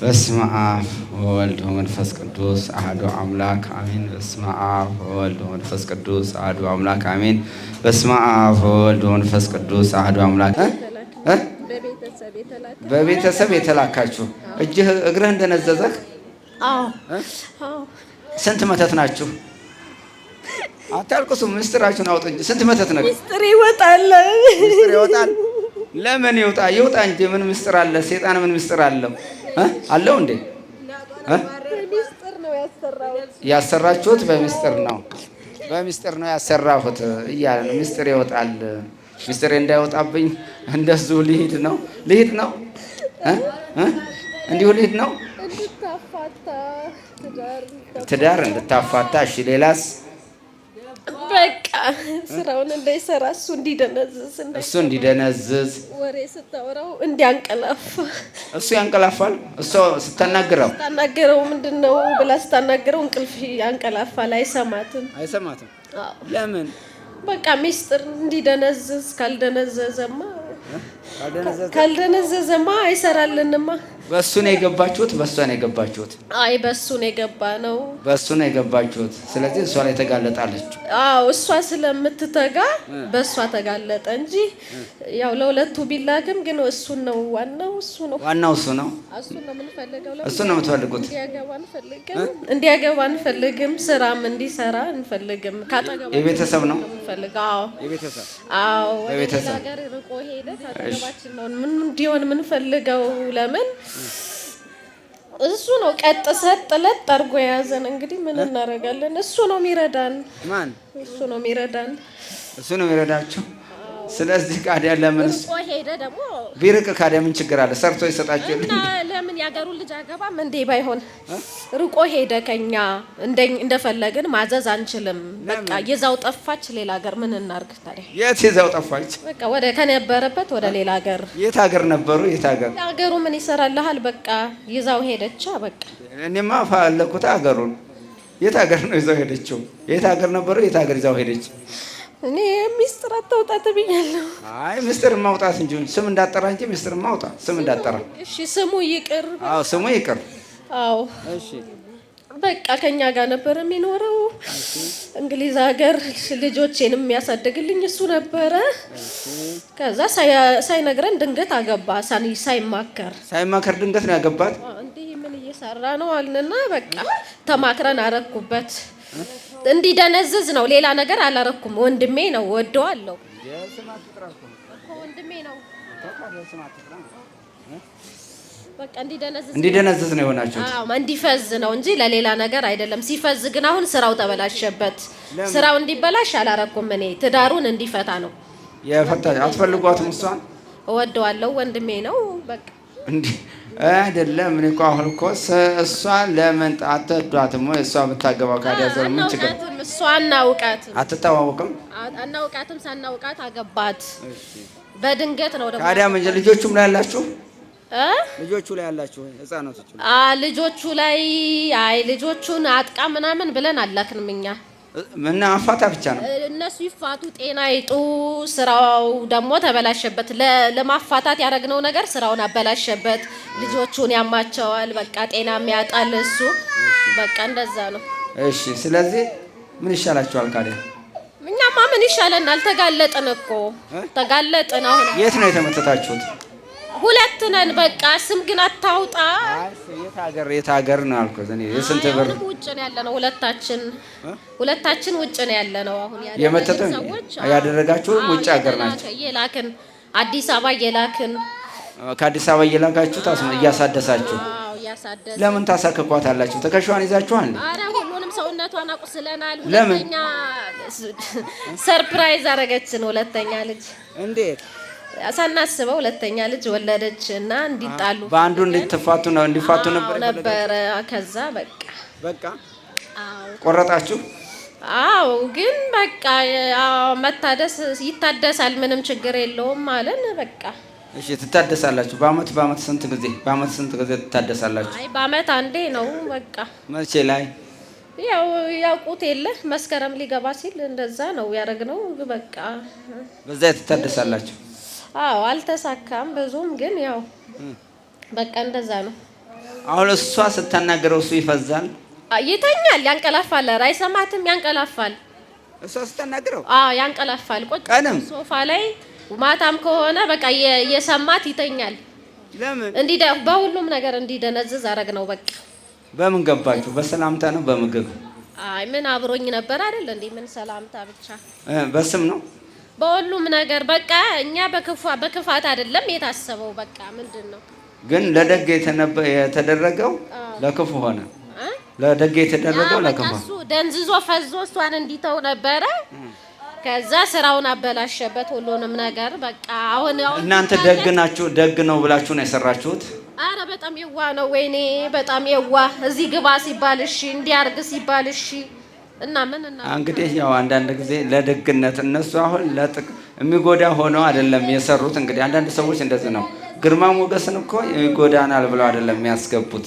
በስመ አብ ወወልድ ወመንፈስ ቅዱስ አሐዱ አምላክ አሜን። በስመ አብ ወወልድ ወመንፈስ ቅዱስ አሐዱ አምላክ አሜን። በስመ አብ ወወልድ ወመንፈስ ቅዱስ አሐዱ አምላክ በቤተሰብ የተላካችሁ እጅህ እግርህ እንደነዘዘህ ስንት መተት ናችሁ? አታልቅሱ። ምስጢራችሁን አውጡ እንጂ ስንት መተት ነው? ምስጢር ይወጣል። ምስጢር ይወጣል። ለምን ይውጣ? ይውጣ እንጂ ምን ምስጢር አለ? ሴጣን ምን ምስጢር አለው? አለው እንዴ? ያሰራችሁት በሚስጥር ነው በሚስጥር ነው ያሰራሁት እያለ ነው። ሚስጥር ይወጣል። ሚስጥር እንዳይወጣብኝ እንደዙ ልሂድ ነው ልሂድ ነው እንዲሁ ልሂድ ነው ትዳር እንድታፋታ። እሺ ሌላስ በቃ ስራውን እንዳይሰራ እሱ እንዲደነዝዝ እሱ እንዲደነዝዝ ወሬ ስታወራው እንዲያንቀላፋ እሱ ያንቀላፋል። እሷ ስታናግረው ስታናግረው ምንድን ነው ብላ ስታናግረው እንቅልፍ ያንቀላፋል። አይሰማትም አይሰማትም። ለምን? በቃ ሚስጥር እንዲደነዝዝ። ካልደነዘዘማ ካልደነዘዘማ አይሰራልንማ በሱ ነው የገባችሁት? በሷ ነው የገባችሁት? አይ በሱ ነው የገባ ነው። በሱ ነው የገባችሁት። ስለዚህ እሷ ላይ ተጋለጣለች። አዎ እሷ ስለምትተጋ በእሷ ተጋለጠ እንጂ ያው ለሁለቱ ቢላግም ግን እሱን ነው ዋናው፣ እሱ ነው ዋናው፣ እሱ ነው እሱ ነው የምትፈልጉት። እንዲያገባ አንፈልግም፣ ስራም እንዲሰራ እንፈልግም። የቤተሰብ ነው የቤተሰብ ምን እንዲሆን የምንፈልገው ለምን እሱ ነው ቀጥ ሰጥ ለጥ አድርጎ የያዘን። እንግዲህ ምን እናደርጋለን? እሱ ነው የሚረዳን። ማን? እሱ ነው የሚረዳን። እሱ ነው የሚረዳቸው ስለዚህ ቃዲያ ለምን ሄደ ደግሞ ቢርቅ ካዲያ ምን ችግር አለ? ሰርቶ ይሰጣቸው ለምን ያገሩ ልጅ አገባም እንዴ? ባይሆን ርቆ ሄደ ከኛ እንደፈለግን ማዘዝ አንችልም። በቃ የዛው ጠፋች። ሌላ ሀገር ምን እናርግ ታዲያ? የት የዛው ጠፋች? በቃ ወደ ከነበረበት ወደ ሌላ ሀገር። የት ሀገር ነበሩ? የት ሀገር? ሀገሩ ምን ይሰራልሃል? በቃ ይዛው ሄደቻ። በቃ እኔማ ፈለኩት ሀገሩን። የት ሀገር ነው ይዛው ሄደችው? የት ሀገር ነበሩ? የት ሀገር ይዛው ሄደች? እኔ ሚስጥር አታውጣ ተብያለሁ። አይ ሚስጥር ማውጣት እንጂ ስም እንዳጠራ እንጂ ሚስጥር ማውጣ ስም እንዳጠራ። እሺ ስሙ ይቅር። አዎ ስሙ ይቅር። አዎ እሺ። በቃ ከኛ ጋር ነበር የሚኖረው እንግሊዝ ሀገር። ልጆቼንም የሚያሳድግልኝ እሱ ነበረ። ከዛ ሳይነግረን ድንገት አገባ። ሳይማከር ሳይማከር ድንገት ነው ያገባት። እንዲህ ምን እየሰራ ነው አልንና በቃ ተማክረን አረኩበት። እንዲደነዝዝ ነው። ሌላ ነገር አላረኩም። ወንድሜ ነው፣ ወደዋለሁ። ወንድሜ ነው እንዲደነዝዝ ነው የሆናቸው፣ እንዲፈዝ ነው እንጂ ለሌላ ነገር አይደለም። ሲፈዝ ግን አሁን ስራው ተበላሸበት። ስራው እንዲበላሽ አላረኩም እኔ። ትዳሩን እንዲፈታ ነው የፈታ። አትፈልጓትም? እሷን እወደዋለሁ፣ ወንድሜ ነው በቃ አይደለም እኔ እኮ አሁን እኮ እሷን ለምን አትወዷትም ወይ? እሷ ብታገባው ካዲያ ዘር ምን ችግር? እሷ አናውቃትም፣ አትተዋወቅም፣ አናውቃትም። ሳናውቃት አገባት በድንገት ነው ደግሞ ካዲያ። ምን ልጆቹም ላይ ያላችሁ ልጆቹ ላይ ያላችሁ ህጻናቶች ልጆቹ ላይ አይ ልጆቹን አጥቃ ምናምን ብለን አላክንም እኛ እና አፋታ ብቻ ነው። እነሱ ይፋቱ፣ ጤና ይጡ። ስራው ደግሞ ተበላሸበት። ለማፋታት ያደረግነው ነገር ስራውን አበላሸበት። ልጆቹን ያማቸዋል። በቃ ጤና የሚያጣል እሱ በቃ እንደዛ ነው። እሺ፣ ስለዚህ ምን ይሻላችኋል ካለ እኛማ ምን ይሻለናል? ተጋለጥን እኮ ተጋለጥን። አሁን የት ነው የተመተታችሁት? ሁለት ነን በቃ ስም ግን አታውጣ። የት ሀገር የት ሀገር ነው ያልኩት እኔ የስንት ብር ውጭ ነው ያለ ነው ሁለታችን ሁለታችን ውጭ ነው ያለ ነው። አሁን የመተጠን ያደረጋችሁ ውጭ ሀገር ናቸው እየላክን አዲስ አበባ እየላክን ከአዲስ አበባ እየላካችሁ እያሳደሳችሁ ለምን ታሳክኳታላችሁ? ትከሻዋን ይዛችኋል። አረ ሁሉንም ሰውነቷን አቁስለናል። ሁለተኛ ሰርፕራይዝ አደረገችን ሁለተኛ ልጅ እንዴት ሳናስበው ሁለተኛ ልጅ ወለደች እና እንዲጣሉ በአንዱ እንዲተፋቱ ነው እንዲፋቱ ነበረ። ከዛ በቃ በቃ ቆረጣችሁ? አዎ። ግን በቃ መታደስ ይታደሳል፣ ምንም ችግር የለውም ማለን በቃ እሺ፣ ትታደሳላችሁ። በአመት በአመት ስንት ጊዜ በአመት ስንት ጊዜ ትታደሳላችሁ? አይ በአመት አንዴ ነው። በቃ መቼ ላይ ያው ያውቁት የለ መስከረም ሊገባ ሲል እንደዛ ነው ያደረግነው። በቃ በዛ ትታደሳላችሁ። አዎ አልተሳካም ብዙም ግን ያው በቃ እንደዛ ነው። አሁን እሷ ስታናገረው እሱ ይፈዛል፣ ይተኛል፣ ያንቀላፋል፣ አይሰማትም፣ ያንቀላፋል። እሷ ስታናግረው አዎ ያንቀላፋል። ቀንም ሶፋ ላይ ማታም ከሆነ በቃ የሰማት ይተኛል። ለምን እንዲህ በሁሉም ነገር እንዲደነዝዝ አረግ ነው። በቃ በምን ገባችሁ? በሰላምታ ነው በምግብ አይ ምን አብሮኝ ነበር አይደል እንዴ? ምን ሰላምታ ብቻ በስም ነው በሁሉም ነገር በቃ እኛ በክፋ በክፋት አይደለም የታሰበው። በቃ ምንድን ነው ግን ለደግ የተደረገው ለክፉ ሆነ። ለደግ የተደረገው ለክፉ እሱ ደንዝዞ ፈዞ እሷን እንዲተው ነበረ። ከዛ ስራውን አበላሸበት ሁሉንም ነገር በቃ። አሁን እናንተ ደግ ናችሁ፣ ደግ ነው ብላችሁ ነው የሰራችሁት። አረ በጣም የዋ ነው። ወይኔ በጣም የዋ እዚህ ግባ ሲባል እሺ፣ እንዲያርግ ሲባል እሺ እንግዲህ ያው አንዳንድ ጊዜ ለደግነት እነሱ አሁን ለጥቅ የሚጎዳ ሆነው አይደለም የሰሩት። እንግዲህ አንዳንድ ሰዎች እንደዚህ ነው። ግርማ ሞገስን እኮ ይጎዳናል ብለው አይደለም የሚያስገቡት።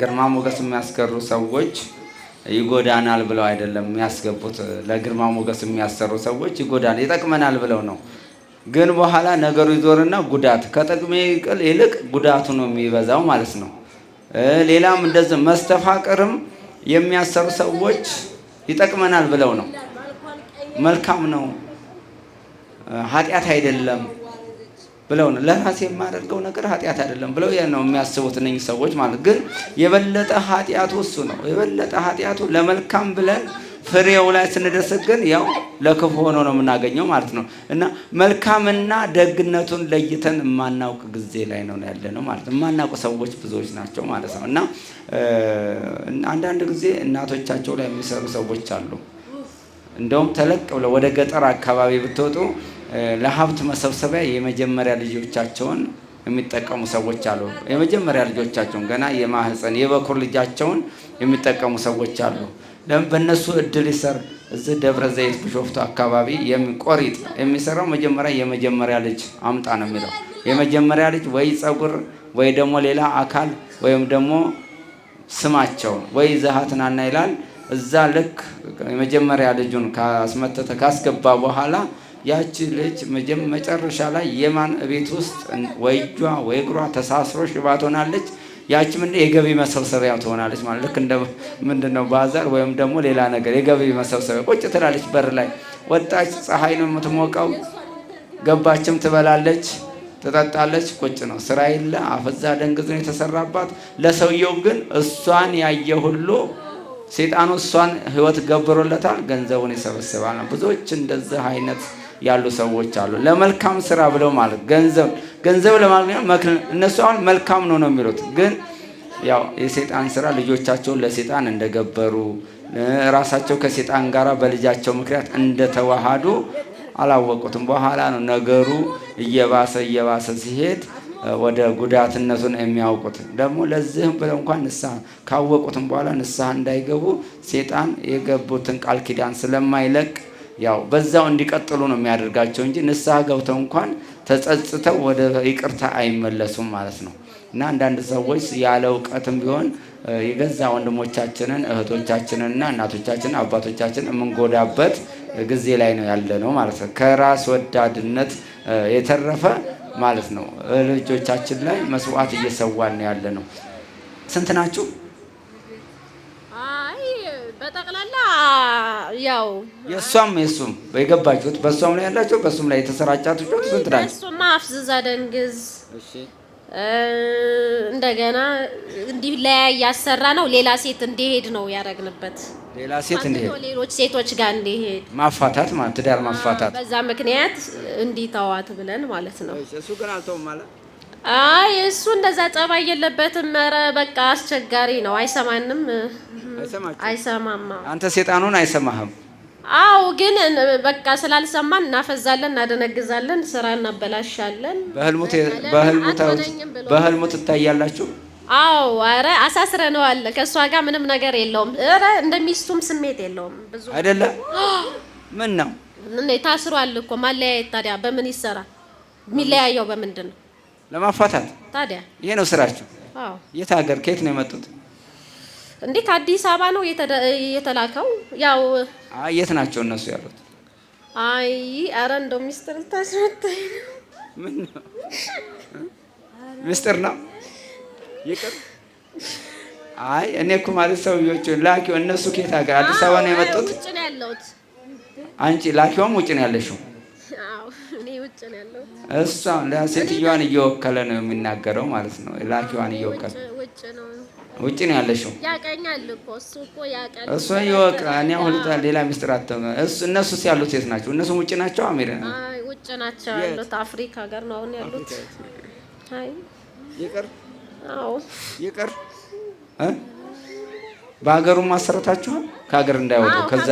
ግርማ ሞገስ የሚያስገሩ ሰዎች ይጎዳናል ብለው አይደለም የሚያስገቡት። ለግርማ ሞገስ የሚያሰሩ ሰዎች ይጎዳናል ይጠቅመናል ብለው ነው። ግን በኋላ ነገሩ ይዞርና ጉዳት ከጥቅሜ ይልቅ ጉዳቱ ነው የሚበዛው ማለት ነው። ሌላም እንደዚህ መስተፋቅርም የሚያሰሩ ሰዎች ይጠቅመናል ብለው ነው። መልካም ነው፣ ኃጢአት አይደለም ብለው ነው። ለራሴ የማደርገው ነገር ኃጢአት አይደለም ብለው ነው የሚያስቡት እነኝህ ሰዎች ማለት ግን የበለጠ ኃጢአቱ እሱ ነው። የበለጠ ኃጢአቱ ለመልካም ብለን ፍሬው ላይ ስንደርስ ግን ያው ለክፉ ሆኖ ነው የምናገኘው ማለት ነው። እና መልካምና ደግነቱን ለይተን የማናውቅ ጊዜ ላይ ነው ያለ ነው ማለት ነው። የማናውቁ ሰዎች ብዙዎች ናቸው ማለት ነው። እና አንዳንድ ጊዜ እናቶቻቸው ላይ የሚሰሩ ሰዎች አሉ። እንደውም ተለቅ ብለው ወደ ገጠር አካባቢ ብትወጡ ለሀብት መሰብሰቢያ የመጀመሪያ ልጆቻቸውን የሚጠቀሙ ሰዎች አሉ። የመጀመሪያ ልጆቻቸውን ገና የማህፀን የበኩር ልጃቸውን የሚጠቀሙ ሰዎች አሉ። ለምን በእነሱ እድል ይሰር እዚህ ደብረ ዘይት ቢሾፍቱ አካባቢ ቆሪጥ የሚሰራው መጀመሪያ የመጀመሪያ ልጅ አምጣ ነው የሚለው። የመጀመሪያ ልጅ ወይ ጸጉር ወይ ደግሞ ሌላ አካል ወይም ደግሞ ስማቸው ወይ ዘሀትናና ይላል። እዛ ልክ የመጀመሪያ ልጁን ካስመተተ ካስገባ በኋላ ያቺ ልጅ መጨረሻ ላይ የማን ቤት ውስጥ ወይ እጇ ወይ እግሯ ተሳስሮ ሽባ ትሆናለች። ያቺ ምንድን የገቢ መሰብሰቢያ ትሆናለች ማለት ልክ እንደ ምንድን ነው ባዛር ወይም ደግሞ ሌላ ነገር የገቢ መሰብሰቢያ ቁጭ ትላለች በር ላይ ወጣች ፀሐይ ነው የምትሞቀው ገባችም ትበላለች ትጠጣለች ቁጭ ነው ስራ የለ አፈዛ ደንግዝ ነው የተሰራባት ለሰውየው ግን እሷን ያየ ሁሉ ሴጣኑ እሷን ህይወት ገብሮለታል ገንዘቡን ይሰበስባል ብዙዎች እንደዚህ አይነት ያሉ ሰዎች አሉ ለመልካም ስራ ብለው ማለት ገንዘብ ገንዘብ ለማግኘት መክን። እነሱ አሁን መልካም ነው ነው የሚሉት፣ ግን ያው የሴጣን ስራ ልጆቻቸውን ለሴጣን እንደገበሩ ራሳቸው ከሴጣን ጋር በልጃቸው ምክንያት እንደተዋሃዱ አላወቁትም። በኋላ ነው ነገሩ እየባሰ እየባሰ ሲሄድ ወደ ጉዳትነቱን የሚያውቁት። ደግሞ ለዚህም ብለው እንኳን ንስሐ ካወቁትም በኋላ ንስሐ እንዳይገቡ ሴጣን የገቡትን ቃል ኪዳን ስለማይለቅ ያው በዛው እንዲቀጥሉ ነው የሚያደርጋቸው እንጂ ንስሐ ገብተው እንኳን ተጸጽተው ወደ ይቅርታ አይመለሱም ማለት ነው። እና አንዳንድ ሰዎች ያለ እውቀትም ቢሆን የገዛ ወንድሞቻችንን እህቶቻችንንና እናቶቻችንን አባቶቻችን የምንጎዳበት ጊዜ ላይ ነው ያለ ነው ማለት ነው። ከራስ ወዳድነት የተረፈ ማለት ነው። ልጆቻችን ላይ መስዋዕት እየሰዋን ያለ ነው። ስንት ናችሁ? አይ በጠቅላላ ያው የእሷም የእሱም የገባችሁት በእሷም ላይ ያላቸው በእሱም ላይ የተሰራጫችሁ ስንት ናቸው? እሱማ አፍዝዛ ደንግዝ እንደገና እንዲህ ለያይ ያሰራ ነው። ሌላ ሴት እንዲሄድ ነው ያደረግንበት። ሌላ ሴት እንዲሄድ ሌሎች ሴቶች ጋር እንዲሄድ ማፋታት ማለት ትዳር ማፋታት። በዛ ምክንያት እንዲህ ብለን ማለት ነው። እሱ ግን አልተውም ማለት አይ እሱ እንደዛ ጸባይ የለበትም። ኧረ በቃ አስቸጋሪ ነው። አይሰማንም፣ አይሰማማ። አንተ ሴጣኑን አይሰማህም። አው ግን በቃ ስላልሰማን እናፈዛለን፣ እናደነግዛለን፣ ስራ እናበላሻለን። በህልሙ ትታያላችሁ? አው ነው አለ ከእሷ ጋር ምንም ነገር የለውም። ኧረ እንደሚስቱም ስሜት የለውም ብዙ አይደለም። ምን ነው ታስሯል እኮ ማለያየት። ታዲያ በምን ይሰራ? የሚለያየው በምንድን ነው? ለማፋታት ታዲያ ይሄ ነው ስራቸው። የት ሀገር ከየት ነው የመጡት? እንዴት አዲስ አበባ ነው የተላከው? ያው አይ የት ናቸው እነሱ ያሉት? አይ አረ እንደው ሚስጥር ልታስመታኝ ነው። ምን ነው ሚስጥር ነው? ይቅር አይ እኔ እኮ ማለት ሰውዬዎቹ ላኪው እነሱ ከየት ሀገር አዲስ አበባ ነው የመጡት? ውጭ ነው ያለሁት። አንቺ ላኪውም ውጭ ነው ያለሽው እሷ ሴትዮዋን እየወከለ ነው የሚናገረው ማለት ነው። ላኪዋን እየወከለ ውጭ ነው ያለሽው። እሱ ይወቅ እኔ አሁን ሌላ ሚስጥር እነሱ ያሉት ሴት ናቸው። እነሱም ውጭ ናቸው። አሜሪ ውጭ ናቸው ያሉት አፍሪካ ሀገር ነው አሁን ያሉት። ይቅር ይቅር በሀገሩ አሰርታችኋል። ከሀገር እንዳይወጡ ከዛ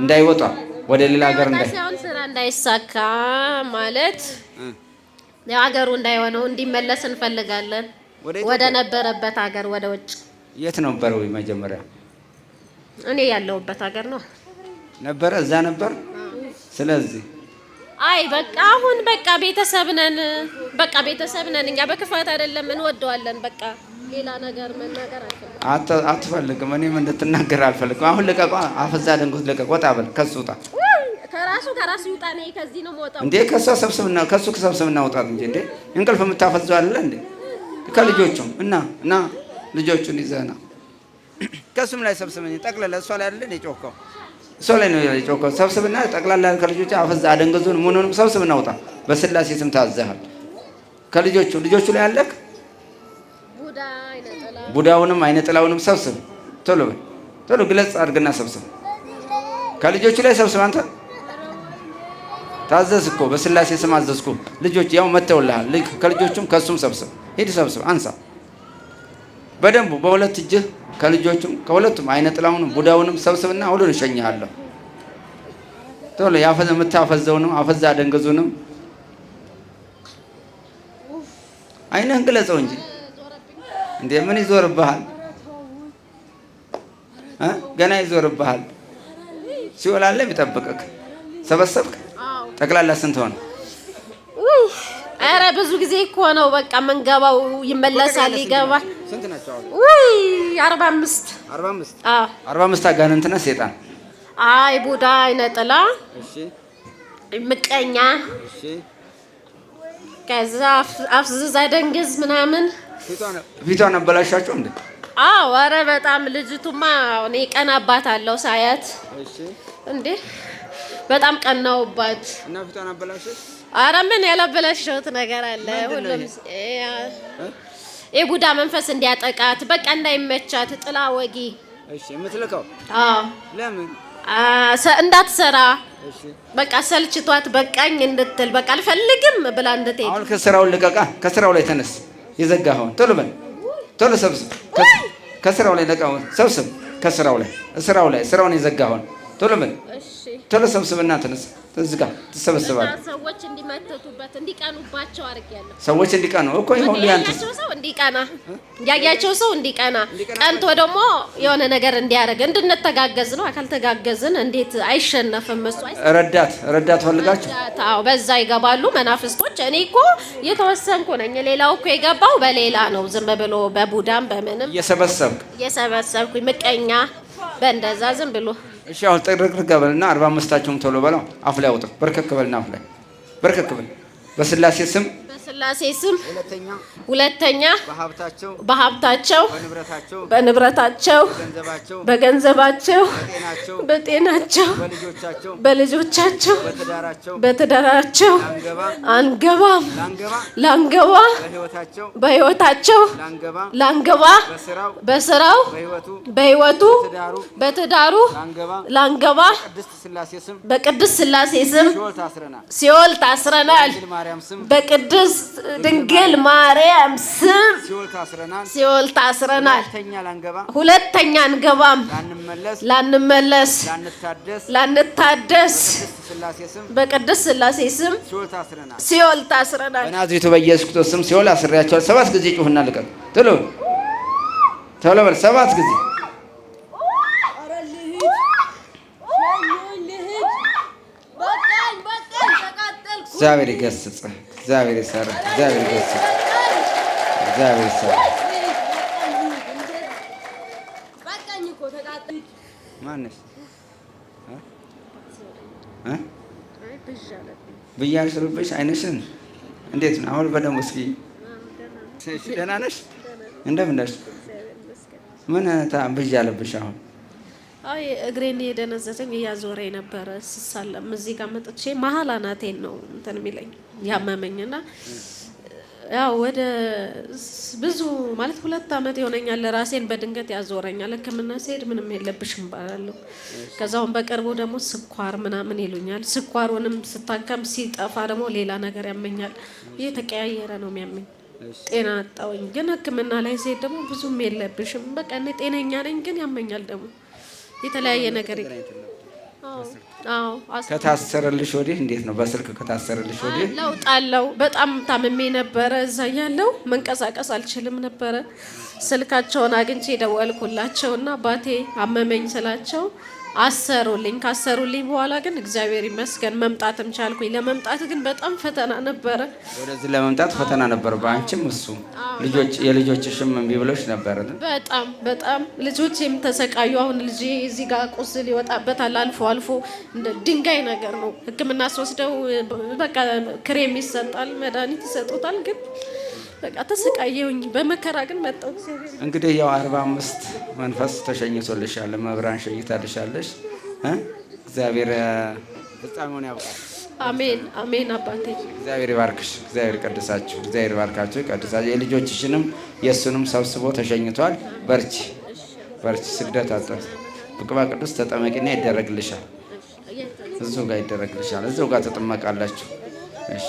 እንዳይወጣ ወደ ሌላ ሀገር ስራ እንዳይሳካ ማለት ሀገሩ እንዳይሆነው እንዲመለስ እንፈልጋለን። ወደ ነበረበት ሀገር ወደ ውጭ። የት ነበረ? ወይ መጀመሪያ እኔ ያለሁበት ሀገር ነው ነበረ፣ እዛ ነበር። ስለዚህ አይ በቃ አሁን በቃ ቤተሰብ ነን፣ በቃ ቤተሰብ ነን። እኛ በክፋት አይደለም፣ እንወደዋለን። በቃ አትፈልግም። እኔም እንድትናገር አልፈልግም። አሁን ልቀቋ። አፈዛ ደንጎት ልቀቅ። ወጣ በል ከሱ ውጣ። እንዴ ከሱ ሰብስብና ከሱ ሰብስብና ውጣት እንጂ እንዴ እንቅልፍ የምታፈዘው አለ እንዴ ከልጆቹም እና እና ልጆቹን ይዘህና ከሱም ላይ ሰብስብ ጠቅለለ። እሷ ላይ አይደለ የጮኸው እሷ ላይ ነው የጮኸው። ሰብስብና ጠቅላላ ከልጆቹ አፈዛ አደንገዙን ምኑንም ሰብስብና ውጣ። በስላሴ ስም ታዘሃል። ከልጆቹ ልጆቹ ላይ አለክ ቡዳውንም አይነ ጥላውንም ሰብስብ። ቶሎ በል ቶሎ ግለጽ አድርግና ሰብስብ። ከልጆቹ ላይ ሰብስብ። አንተ ታዘዝኮ፣ በስላሴ ስም አዘዝኩ። ልጆች ያው መተውልሃል። ከልጆቹም ከሱም ሰብስብ። ሂድ ሰብስብ፣ አንሳ በደንቡ በሁለት እጅህ ከልጆቹም ከሁለቱም አይነ ጥላውንም ቡዳውንም ሰብስብና ሁሉን እሸኝሃለሁ። ቶሎ ያፈዘ የምታፈዘውንም አፈዛ አደንገዙንም አይነህን ግለጸው እንጂ እንዴ ምን ይዞርብሃል? ገና ይዞርብሃል። ሲኦል አለ የሚጠብቅህ። ሰበሰብክ? ጠቅላላ ስንት ሆነ? አረ ብዙ ጊዜ እኮ ነው በቃ መንገባው ይመለሳል፣ ይገባል። ስንት ናቸው? አርባ አምስት አርባ አምስት አጋንንትና ሴጣን አይ ቡዳ አይነ ጥላ ምቀኛ ከዛ አፍዝዝ አደንግዝ ምናምን ፊቷን አበላሻቸው እንዴ? አዎ፣ አረ በጣም ልጅቱማ እኔ ቀናባት አለው ሳያት እሺ፣ እንዴ በጣም ቀናውባት እና ፊቷን አበላሸች። አረ ምን ያላበላሸሁት ነገር አለ? ሁሉም የቡዳ መንፈስ እንዲያጠቃት በቃ እንዳይመቻት ጥላ ወጊ። እሺ፣ የምትልከው አዎ፣ ለምን እንዳትሰራ በቃ ሰልችቷት በቃኝ እንድትል በቃ አልፈልግም ብላ እንድትሄድ። አሁን ከስራው ልቀቃ፣ ከስራው ላይ ተነስ የዘጋኸውን ቶሎ በል ቶሎ ሰብስብ። ከስራው ላይ ለቃውን ሰብስብ። ከስራው ላይ ስራው ላይ ስራውን የዘጋኸውን ቶሎ በል ተለሰብስብና ተነስ ተዝጋ ትሰበሰባለህ። ሰዎች እንዲመተቱበት እንዲቀኑባቸው አድርጌያለሁ። ሰዎች እንዲቀኑ እኮ ይሁን ያንተስ ሰው እንዲቀና ያያቸው ሰው እንዲቀና ቀንቶ ደግሞ የሆነ ነገር እንዲያደርግ እንድንተጋገዝ ነው። ካልተጋገዝን እንዴት አይሸነፍም? እሱ ረዳት ረዳት ፈልጋችሁ አዎ፣ በዛ ይገባሉ መናፍስቶች። እኔ እኮ የተወሰንኩ ነኝ። ሌላው እኮ የገባው በሌላ ነው። ዝም ብሎ በቡዳም በምንም እየሰበሰብኩ እየሰበሰብኩ ምቀኛ በእንደዛ ዝም ብሎ እሺ አሁን ጥርቅርቅ በልና አርባ አምስታችሁም ቶሎ በለው አፍ ላይ አውጡ። በርከክ በልና አፍ ላይ በርከክ በል በስላሴ ስም ስላሴ ስም ሁለተኛ በሀብታቸው በንብረታቸው በገንዘባቸው በጤናቸው በልጆቻቸው በትዳራቸው አንገባም ላንገባ በህይወታቸው ላንገባ በስራው በህይወቱ በትዳሩ ላንገባ በቅድስት ስላሴ ስም ሲኦል ታስረናል። በቅድስት ድንግል ማርያም ስም ሲኦል ታስረናል። ሁለተኛ አንገባም፣ ላንመለስ፣ ላንታደስ በቅድስት ሥላሴ ስም ሲኦል ታስረናል። በናዝሬቱ በኢየሱስ ክርስቶስ ስም ሲኦል አስሬያቸዋል። ሰባት ጊዜ ጩሁና ልቀቅ ትሎ ተብሎ በል ሰባት ጊዜ እግዚአብሔር ይገስጽህ። እግዚአብሔር ይሰራ። እግዚአብሔር ይደስ እግዚአብሔር ይሰራ። ማነሽ ብያለሽ ሩብሽ አይነሽን እንዴት ነው አሁን? በደምብ እስኪ ደህና ነሽ? እንደምን ነሽ? ምን ብያለብሽ አሁን አይ እግሬን የደነዘዘኝ እያዞረ ነበረ ስሳለም እዚህ ጋር መጥቼ መሀል አናቴን ነው እንትን የሚለኝ ያመመኝ እና ያው ወደ ብዙ ማለት ሁለት ዓመት ይሆነኛል ራሴን በድንገት ያዞረኛል። ሕክምና ሲሄድ ምንም የለብሽም ባላለሁ። ከዛውም በቅርቡ ደግሞ ስኳር ምናምን ይሉኛል። ስኳሩንም ስታከም ሲጠፋ ደግሞ ሌላ ነገር ያመኛል። ይህ ተቀያየረ ነው የሚያመኝ። ጤና አጣውኝ። ግን ሕክምና ላይ ሲሄድ ደግሞ ብዙም የለብሽም በቃ እኔ ጤነኛ ነኝ፣ ግን ያመኛል ደግሞ የተለያየ ነገር ከታሰረልሽ ወዲህ እንዴት ነው? በስልክ ከታሰረልሽ ወዲህ ለውጥ አለው። በጣም ታምሜ ነበረ እዛ ያለው መንቀሳቀስ አልችልም ነበረ። ስልካቸውን አግኝቼ ደወልኩላቸውና አባቴ አመመኝ ስላቸው አሰሩልኝ። ካሰሩልኝ በኋላ ግን እግዚአብሔር ይመስገን መምጣትም ቻልኩኝ። ለመምጣት ግን በጣም ፈተና ነበረ። ወደዚህ ለመምጣት ፈተና ነበረ። በአንቺም እሱ ልጆች የልጆችሽም እምቢ ብሎሽ በጣም በጣም ልጆቼም ተሰቃዩ። አሁን ል እዚህ ጋር ቁስል ይወጣበታል። አልፎ አልፎ እንደ ድንጋይ ነገር ነው። ሕክምና ስወስደው በቃ ክሬም ይሰጣል፣ መድኃኒት ይሰጡታል ግን በቃ ተሰቃየሁኝ። በመከራ ግን መጣሁ። እንግዲህ ያው አርባ አምስት መንፈስ ተሸኝቶልሻል፣ መብራን ሸኝታልሻለሽ። እግዚአብሔር ፍጻሜውን ያውቃል። አሜን አሜን። አባቴ እግዚአብሔር ይባርክሽ፣ እግዚአብሔር ይቀድሳችሁ፣ እግዚአብሔር ይባርካችሁ፣ ይቀድሳችሁ። የልጆችሽንም የእሱንም ሰብስቦ ተሸኝቷል። በርቺ በርቺ። ስግደት አጠር ብቅባ ቅዱስ ተጠመቂና ይደረግልሻል። እዚሁ ጋር ይደረግልሻል። እዚሁ ጋር ተጠመቃላችሁ። እሺ